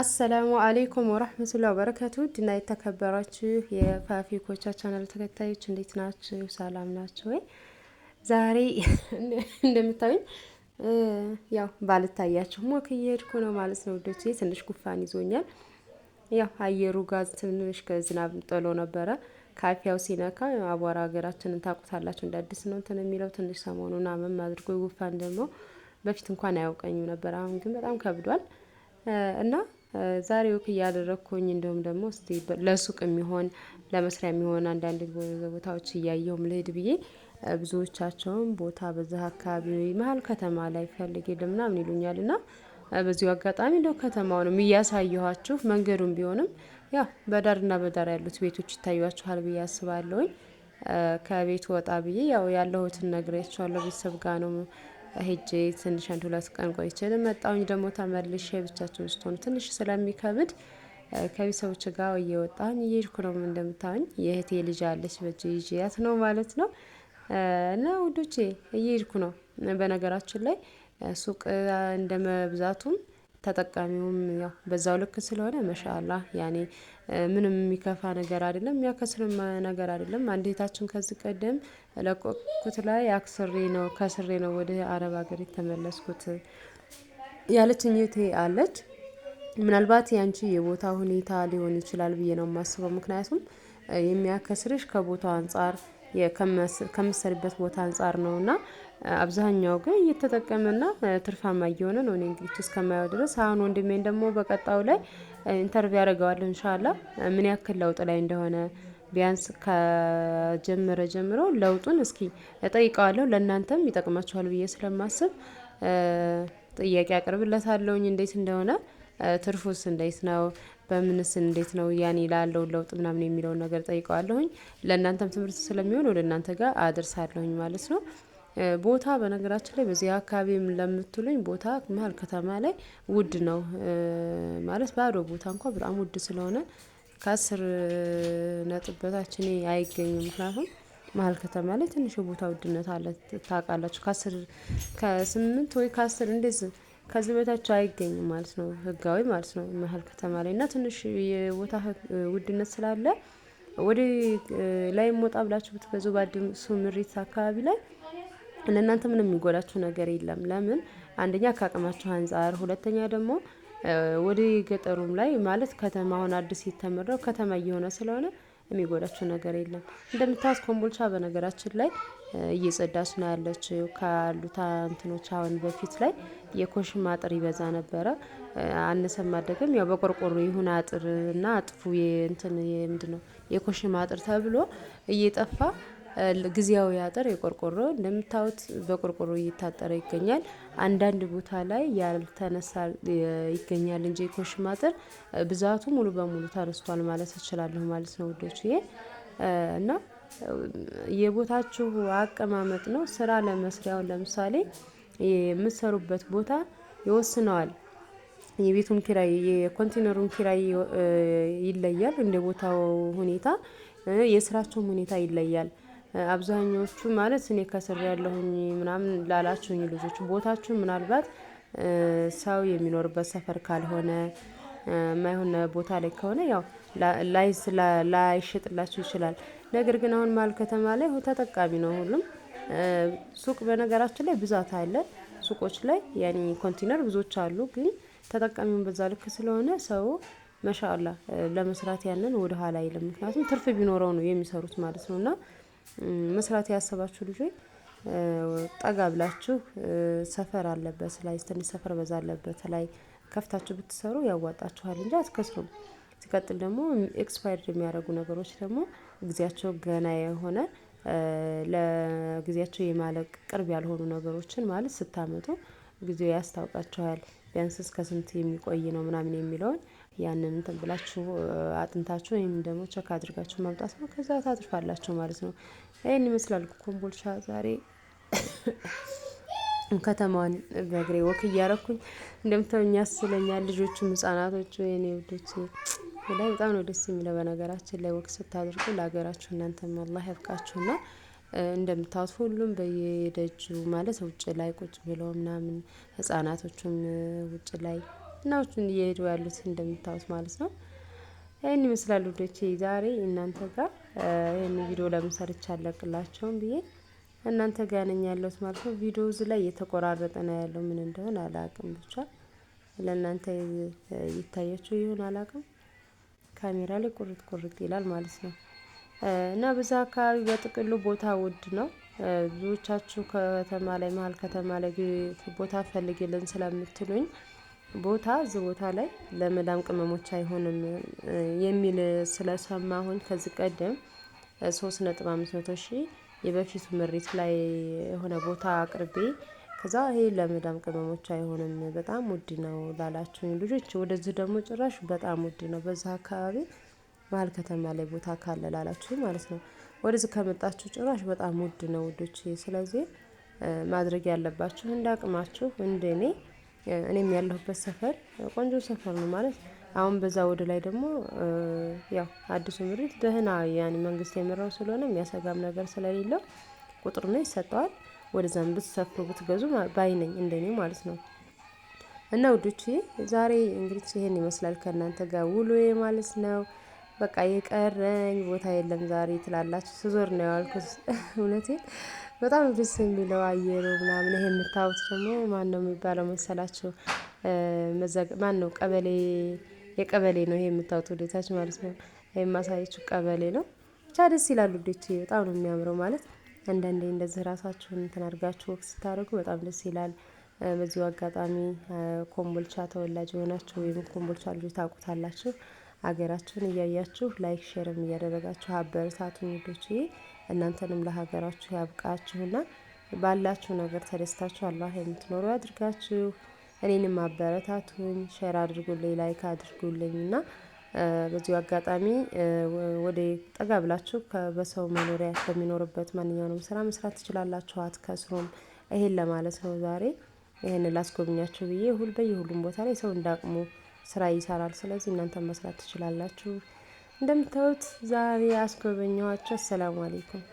አሰላሙ አሌይኩም ወረህመቱላ በረከቱ ድና የተከበራችሁ የፋፊ ኮቻ ቻናል ተከታዮች እንዴት ናችሁ? ሰላም ናችሁ ወይ? ዛሬ እንደምታዩኝ ያው ባልታያችሁ ሞክ እየሄድኩ ነው ማለት ነው ውዶቼ። ትንሽ ጉፋን ይዞኛል። ያው አየሩ ጋዝ ትንሽ ከዝናብ ጥሎ ነበረ። ካፊያው ሲነካ አቧራ ሀገራችንን ታውቁታላችሁ። እንደ አዲስ ነው እንትን የሚለው ትንሽ ሰሞኑን አመም አድርጎ ጉፋን ደግሞ በፊት እንኳን አያውቀኝም ነበር። አሁን ግን በጣም ከብዷል እና ዛሬ ወክ እያደረግኩኝ እንዲሁም ደግሞ እስቲ ለሱቅ የሚሆን ለመስሪያ የሚሆን አንዳንድ ቦታዎች እያየሁም ልሄድ ብዬ ብዙዎቻቸውን ቦታ በዚህ አካባቢ መሀል ከተማ ላይ ፈልጌ የለም ምናምን ይሉኛል እና በዚሁ አጋጣሚ እንደው ከተማውንም እያሳየኋችሁ መንገዱን ቢሆንም ያው በዳርና በዳር ያሉት ቤቶች ይታያችኋል ብዬ አስባለሁኝ። ከቤቱ ወጣ ብዬ ያው ያለሁትን ነግሬያቸዋለሁ። ቤተሰብ ጋ ነው ሄጄ ትንሽ አንድ ሁለት ቀን ቆይቼ ልመጣውኝ ደግሞ ተመልሼ ብቻችሁን ስትሆኑ ትንሽ ስለሚከብድ ከቤተሰቦች ጋር እየወጣሁኝ እየሄድኩ ነው። እንደምታዩኝ የእህቴ ልጅ አለች፣ በእጅ ይዤያት ነው ማለት ነው። እና ውዶቼ እየሄድኩ ነው። በነገራችን ላይ ሱቅ እንደመብዛቱም ተጠቃሚውም ያው በዛው ልክ ስለሆነ መሻላ ያኔ ምንም የሚከፋ ነገር አይደለም፣ የሚያከስርም ነገር አይደለም። አንድ ከዚህ ቀደም ለቆኩት ላይ አክስሬ ነው ከስሬ ነው ወደ አረብ ሀገር የተመለስኩት ያለችኝ እህቴ አለች። ምናልባት ያንቺ የቦታ ሁኔታ ሊሆን ይችላል ብዬ ነው የማስበው። ምክንያቱም የሚያከስርሽ ከቦታ አንጻር ከምሰሪበት ቦታ አንጻር እና አብዛኛው ግን እየተጠቀመና ትርፋማ እየሆነ ነው። እኔ እንግዲህ እስከማየው ድረስ አሁን ወንድሜን ደግሞ በቀጣው ላይ ኢንተርቪው ያደርገዋል እንሻላ ምን ያክል ለውጥ ላይ እንደሆነ ቢያንስ ከጀመረ ጀምሮ ለውጡን እስኪ እጠይቀዋለሁ። ለእናንተም ይጠቅማችኋል ብዬ ስለማስብ ጥያቄ አቅርብለታለሁኝ እንዴት እንደሆነ ትርፉስ እንዴት ነው? በምንስ እንዴት ነው ያኔ ላለው ለውጥ ምናምን የሚለውን ነገር ጠይቀዋለሁኝ። ለእናንተም ትምህርት ስለሚሆን ወደ እናንተ ጋር አድርሳለሁኝ ማለት ነው። ቦታ በነገራችን ላይ በዚህ አካባቢም ለምትሉኝ ቦታ መሀል ከተማ ላይ ውድ ነው። ማለት ባዶ ቦታ እንኳን በጣም ውድ ስለሆነ ከአስር ነጥብ በታች አይገኝም። ምክንያቱም መሀል ከተማ ላይ ትንሽ የቦታ ውድነት አለ ታውቃላችሁ። ከአስር ከስምንት ወይ ከአስር እንደዚ ከዚህ በታች አይገኝም ማለት ነው ህጋዊ ማለት ነው። መሀል ከተማ ላይ እና ትንሽ የቦታ ውድነት ስላለ ወደ ላይ ሞጣ ብላችሁ ብትገዙ በአዲሱ ምሪት አካባቢ ላይ እናንተ ምንም የሚጎዳችሁ ነገር የለም። ለምን አንደኛ ከአቅማችሁ አንጻር፣ ሁለተኛ ደግሞ ወደ ገጠሩም ላይ ማለት ከተማ አሁን አዲስ የተመረው ከተማ እየሆነ ስለሆነ የሚጎዳችሁ ነገር የለም። እንደምታስ ኮምቦልቻ በነገራችን ላይ እየጸዳች ነው ያለችው ካሉት እንትኖች አሁን በፊት ላይ የኮሽም አጥር ይበዛ ነበረ። አነሰም አደገም ያው በቆርቆሮ ይሁን አጥር እና አጥፉ እንትን ምንድን ነው የኮሽም አጥር ተብሎ እየጠፋ ጊዜያዊ አጥር የቆርቆሮ እንደምታዩት በቆርቆሮ እየታጠረ ይገኛል። አንዳንድ ቦታ ላይ ያልተነሳ ይገኛል እንጂ የኮሽም አጥር ብዛቱ ሙሉ በሙሉ ተነስቷል ማለት እችላለሁ ማለት ነው ውዶች እና የቦታችሁ አቀማመጥ ነው። ስራ ለመስሪያውን ለምሳሌ የምትሰሩበት ቦታ ይወስነዋል። የቤቱን ኪራይ የኮንቴነሩም ኪራይ ይለያል። እንደ ቦታው ሁኔታ የስራቸውም ሁኔታ ይለያል። አብዛኞቹ ማለት እኔ ከስር ያለሁኝ ምናምን ላላችሁኝ ልጆች ቦታችሁ ምናልባት ሰው የሚኖርበት ሰፈር ካልሆነ የማይሆን ቦታ ላይ ከሆነ ያው ላይስ ላይሸጥላችሁ ይችላል። ነገር ግን አሁን መሀል ከተማ ላይ ተጠቃሚ ነው ሁሉም። ሱቅ በነገራችን ላይ ብዛት አለ። ሱቆች ላይ ያኔ ኮንቲነር ብዙዎች አሉ፣ ግን ተጠቃሚውን በዛ ልክ ስለሆነ ሰው መሻላ ለመስራት ያንን ወደ ኋላ አይልም። ምክንያቱም ትርፍ ቢኖረው ነው የሚሰሩት ማለት ነው እና መስራት ያሰባችሁ ልጆች ጠጋ ብላችሁ ሰፈር አለበት ላይ ትንሽ ሰፈር በዛ አለበት ላይ ከፍታችሁ ብትሰሩ ያዋጣችኋል እንጂ አትከስሩም። ሲቀጥል ደግሞ ኤክስፓየርድ የሚያደርጉ ነገሮች ደግሞ ጊዜያቸው ገና የሆነ ለጊዜያቸው የማለቅ ቅርብ ያልሆኑ ነገሮችን ማለት ስታመጡ ጊዜው ያስታውቃቸኋል ቢያንስ እስከ ስንት የሚቆይ ነው ምናምን የሚለውን ያንን እንትን ብላችሁ አጥንታችሁ ወይም ደግሞ ቸክ አድርጋችሁ መምጣት ነው። ከዛ ታትርፋላችሁ ማለት ነው። ይህን ይመስላል ኮምቦልቻ ዛሬ ከተማዋን በእግሬ ወክ እያረኩኝ እንደምታዩኝ ያስለኛል። ልጆቹም ህጻናቶቹ የኔ ውዶች ላይ በጣም ነው ደስ የሚለው። በነገራችን ላይ ወክ ስታደርጉ ለሀገራችሁ እናንተም አላህ ያብቃችሁና እንደምታዩት ሁሉም በየደጁ ማለት ውጭ ላይ ቁጭ ብለው ምናምን ህጻናቶቹም ውጭ ላይ ናዎቹን እየሄዱ ያሉት እንደምታዩት ማለት ነው። ይህን ይመስላል ውዶቼ። ዛሬ እናንተ ጋር ይህን ቪዲዮ ለምን ሰርቼ አለቅላቸውም ብዬ እናንተ ጋር ነኝ ያለሁት ማለት ነው። ቪዲዮ እዚህ ላይ እየተቆራረጠ ነው ያለው፣ ምን እንደሆነ አላቅም። ብቻ ለእናንተ ይታያቸው ይሁን አላቅም። ካሜራ ላይ ቁርጥ ቁርጥ ይላል ማለት ነው። እና በዛ አካባቢ በጥቅሉ ቦታ ውድ ነው። ብዙዎቻችሁ ከተማ ላይ መሀል ከተማ ላይ ቦታ ፈልግልን ስለምትሉኝ ቦታ እዚህ ቦታ ላይ ለመዳም ቅመሞች አይሆንም የሚል ስለሰማሁኝ ከዚህ ቀደም ሶስት ነጥብ አምስት መቶ ሺ የበፊቱ ምሪት ላይ የሆነ ቦታ አቅርቤ ከዛ ይሄ ለመዳም ቅመሞች አይሆንም በጣም ውድ ነው ላላችሁኝ ልጆች፣ ወደዚህ ደግሞ ጭራሽ በጣም ውድ ነው በዛ አካባቢ መሀል ከተማ ላይ ቦታ ካለ ላላችሁ ማለት ነው። ወደዚህ ከመጣችሁ ጭራሽ በጣም ውድ ነው ውዶች። ስለዚህ ማድረግ ያለባችሁ እንደ አቅማችሁ እንደ እኔ እኔም ያለሁበት ሰፈር ቆንጆ ሰፈር ነው ማለት አሁን በዛ ወደ ላይ ደግሞ ያው አዲሱ ምድሪት ደህና ያን መንግስት የምራው ስለሆነ የሚያሰጋም ነገር ስለሌለው ቁጥር ነው ይሰጠዋል። ወደዛም ብትሰፍሩ ብትገዙ ባይ ነኝ እንደኔ ማለት ነው። እና ውዶች ዛሬ እንግዲህ ይሄን ይመስላል ከእናንተ ጋር ውሎ ማለት ነው። በቃ የቀረኝ ቦታ የለም ዛሬ ትላላችሁ ስዞር ነው ያዋልኩት እውነቴ በጣም ደስ የሚለው አየሩ ምናምን ይሄ የምታዩት ደግሞ ማነው የሚባለው መሰላችሁ? ማን ነው ቀበሌ የቀበሌ ነው ይሄ የምታዩት ወደታች ማለት ነው። ይሄ የማሳየችው ቀበሌ ነው። ብቻ ደስ ይላሉ ልጆች፣ በጣም ነው የሚያምረው ማለት አንዳንዴ እንደዚህ ራሳችሁን እንትን አድርጋችሁ ወቅት ስታደርጉ በጣም ደስ ይላል። በዚሁ አጋጣሚ ኮምቦልቻ ተወላጅ የሆናችሁ ወይም ኮምቦልቻ ልጆች ታውቁታላችሁ ሀገራችሁን እያያችሁ ላይክ ሼርም እያደረጋችሁ አበረታቱን ውዶቼ። እናንተንም ለሀገራችሁ ያብቃችሁና ባላችሁ ነገር ተደስታችሁ አላህ የምትኖሩ አድርጋችሁ። እኔንም አበረታቱኝ፣ ሼር አድርጉልኝ፣ ላይክ አድርጉልኝ እና በዚሁ አጋጣሚ ወደ ጠጋ ብላችሁ በሰው መኖሪያ በሚኖርበት ማንኛውንም ስራ መስራት ትችላላችሁ፣ አትከስሩም። ይሄን ለማለት ነው ዛሬ ይህን ላስጎብኛችሁ ብዬ ሁል በየሁሉም ቦታ ላይ ሰው እንዳቅሙ ስራ ይሰራል። ስለዚህ እናንተ መስራት ትችላላችሁ። እንደምታዩት ዛሬ አስጎበኘኋችሁ። አሰላሙ አሌይኩም